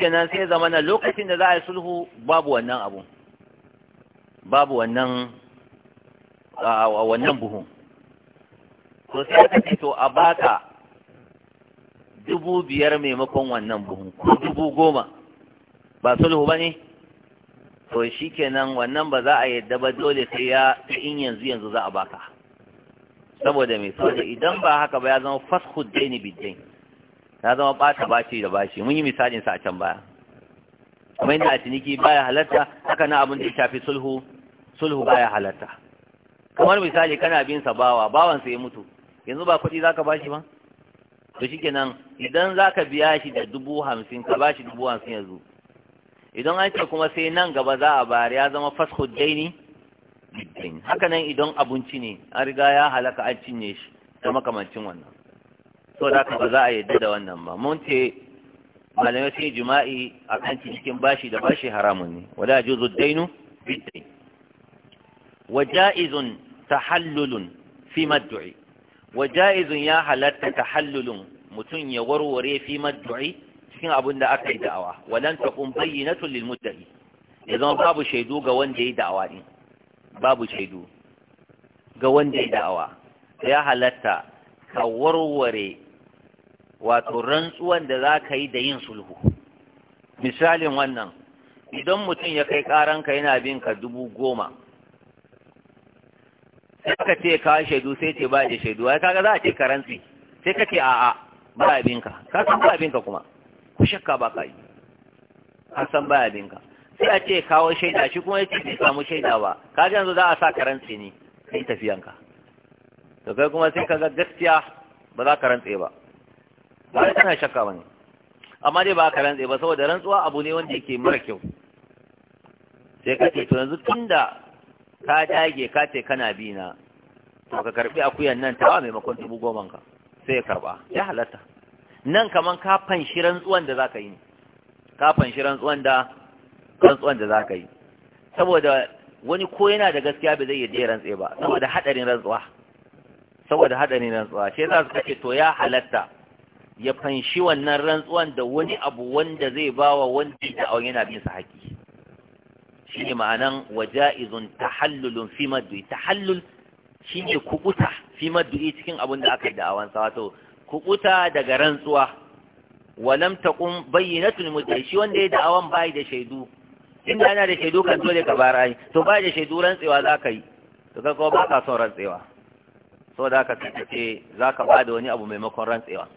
kenan sai zama na lokacin da za a yi sulhu babu wannan abu babu wannan wannan buhun ko sai aka ce to a baka dubu biyar maimakon wannan buhun ko dubu goma ba sulhu ba ne to shi kenan wannan ba za a yadda ba dole sai ya in yanzu yanzu za a baka saboda mai saboda idan ba haka ba ya zama fasku daini biddain ya zama bata bashi da bashi mun yi misalin sa a can baya kuma inda a ciniki baya halatta haka na abin da ya shafi sulhu sulhu baya halatta kamar misali kana bin sa bawa bawan sa ya mutu yanzu ba kuɗi za ka ba shi ba to shi kenan idan za ka biya shi da dubu hamsin ka ba shi dubu hamsin yanzu idan an ce kuma sai nan gaba za a bayar ya zama fasho daini haka nan idan abinci ne an riga ya halaka an cinye shi da makamancin wannan so da ba za a yadda da wannan ba mun ce malamai sai jima'i a kan cikin bashi da bashi haramun ne wala juzu dainu bidai wa ja'izun tahallulun fi maddu'i wa jaizun ya halatta tahallulun mutum ya warware fi maddu'i cikin abin da aka yi da'awa walan taqum bayyinatun lil mudda'i ya zama babu shaidu ga wanda ya yi da'awa din babu shaidu ga wanda ya da'awa ya halatta ka warware wato rantsuwan da za ka yi da yin sulhu misalin wannan idan mutum ya kai karanka yana bin ka dubu goma sai ka ce ka shaidu sai ce ba da shaidu ai kaga za a ce karanti? sai ka ce a'a ba abinka ka san ba abinka kuma ku shakka ba ka yi ka san ba abinka sai a ce kawo shaida shi kuma yake ce bai samu shaida ba ka yanzu za a sa karanti ne sai tafiyanka to kai kuma sai ka ga gaskiya ba za ka rantse ba ba da kana shakka ba ne amma dai ba ka rantse ba saboda rantsuwa abu ne wanda yake mara kyau sai ka ce to yanzu tunda ka dage ka ce kana bi na to ka karbi akuyan nan tawa maimakon dubu goman ka sai ya karba ya halatta nan kaman ka fanshi rantsuwan da zaka yi ka fanshi rantsuwan da rantsuwan da zaka yi saboda wani ko yana da gaskiya ba zai yi rantse ba saboda hadarin rantsuwa saboda hadarin rantsuwa sai za su kace to ya halatta ya fanshi wannan rantsuwan da wani abu wanda zai bawa wanda da yana bin sa haƙi ne ma'anan waja'izun tahallulun fi maddu'i tahallul ne kukuta fi maddu'i cikin abin da aka da'awan sa wato kukuta daga rantsuwa wa lam taqum bayyinatul mudda'i shi wanda ya da'awan bai da shaidu inda yana da shaidu kan dole ka bara ai to bai da shaidu rantsewa ka yi to kai kuma baka son rantsewa saboda ka sai ce ka bada wani abu maimakon rantsewa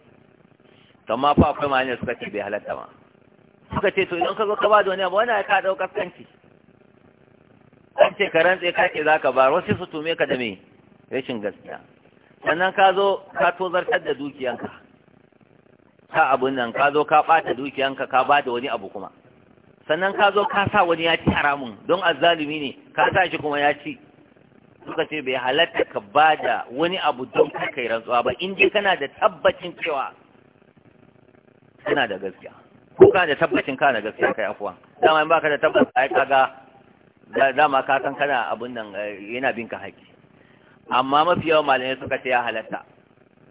to amma fa akwai ma'anar suka ce bai halatta ba suka ce to idan ka zo ka bada wani abu wani ka dauka kanki an ce ka rantse ka ce za ka ba wasu su tume ka da me rashin gaskiya sannan ka zo ka tozartar da dukiyanka ka abun nan ka zo ka ɓata dukiyanka ka ba da wani abu kuma sannan ka zo ka sa wani ya ci haramun don azzalumi ne ka sa shi kuma ya ci suka ce bai halatta ka ba da wani abu don kai rantsuwa ba in dai kana da tabbacin cewa kana da gaskiya ko kana da tabbacin kana da gaskiya kai afuwa dama in baka da tabbacin kai kaga dama ka san kana abun nan eh, yana bin ka haƙi amma mafi yawan malamai suka ce ya halatta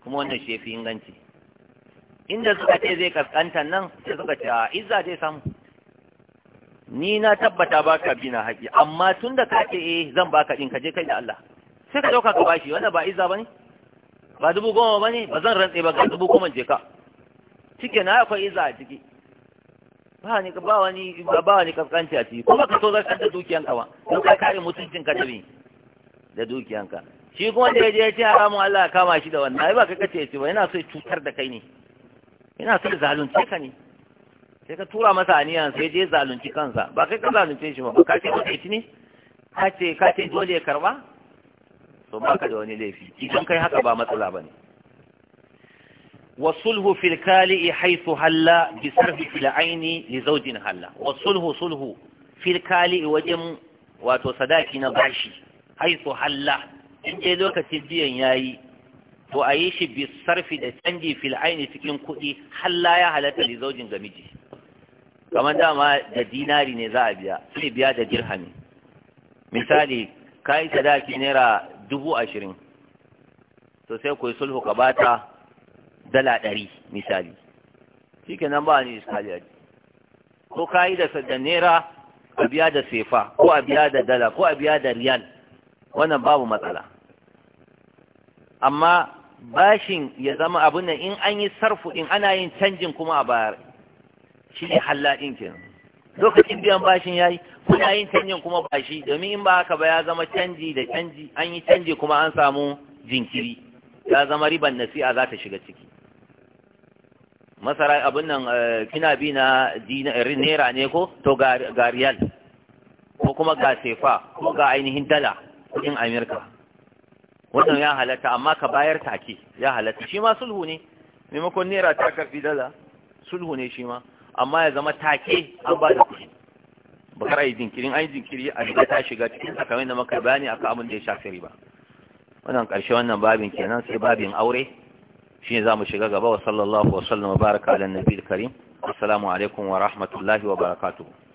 kuma wannan shi fi inganci inda suka ce zai kaskantar nan sai suka ce a ah, izza zai samu ni na tabbata baka bi na haƙi amma tun da ka ce eh zan baka ɗin ka je kai da Allah sai ka ɗauka ka bashi wannan ba izza ne ba dubu goma ba ne? ba zan rantse ba ga dubu goma je ka cike na akwai izza a ciki ba ni ba wani ba wani kaskanci a ciki kuma ka so zarkar da dukiyanka ba don ka kare mutuncin ka da me da dukiyanka shi kuma da ya je ya ce haramun Allah ya kama shi da wannan ai ba ka kace ce ba yana so ya cutar da kai ne yana so ya zalunce ka ne sai ka tura masa aniyan sai je zalunci kansa ba kai ka zalunce shi ba ka ce kace ne ka ce ka ce dole ya karba to ba ka da wani laifi idan kai haka ba matsala ba ne والصلح في الكالئ حيث هلا بصرف العين لزوج هلا والصلح صلح في الكالئ وجم وتصداكي نباشي حيث هلا إن دي لوكا تبدين ياي to a yi shi bi da canji fil'a'ini cikin kuɗi halla ya halatta da zaujin ga miji kamar dama da dinari ne za a biya sai biya da dirhami misali kayi sadaki naira dubu ashirin to sai ku yi sulhu ka dala ɗari misali shi ke nan ba ni iskali ko ka yi da naira a biya da sefa ko a biya da dala ko a biya da riyal wannan babu matsala amma bashin ya zama abin nan in an yi sarfu in ana yin canjin kuma a bayar shi ne halladin kenan lokacin biyan bashin ya yayi kuna yin canjin kuma bashi domin in ba haka ba ya zama canji da canji an yi canji kuma an samu jinkiri ya zama riban nasi'a za ta shiga ciki masara abin nan eh, kina bi na eh, naira ne ko to ga riyal ko kuma ga sefa ko ga ainihin dala kudin amerika wannan ya halatta amma ka bayar take ya halatta shi ma sulhu ne maimakon naira ta karfi dala sulhu ne shi ma amma ya zama take an ba da kuɗi bakar jinkiri an yi jinkiri a shiga ta shiga cikin sakamai da maka bayani akan abin da ya shafi riba wannan ƙarshe wannan babin kenan sai babin aure za zamu shiga gaba wa sallallahu wa sallama baraka da nabiyil karim assalamu alaikum wa rahmatullahi wa barakatuh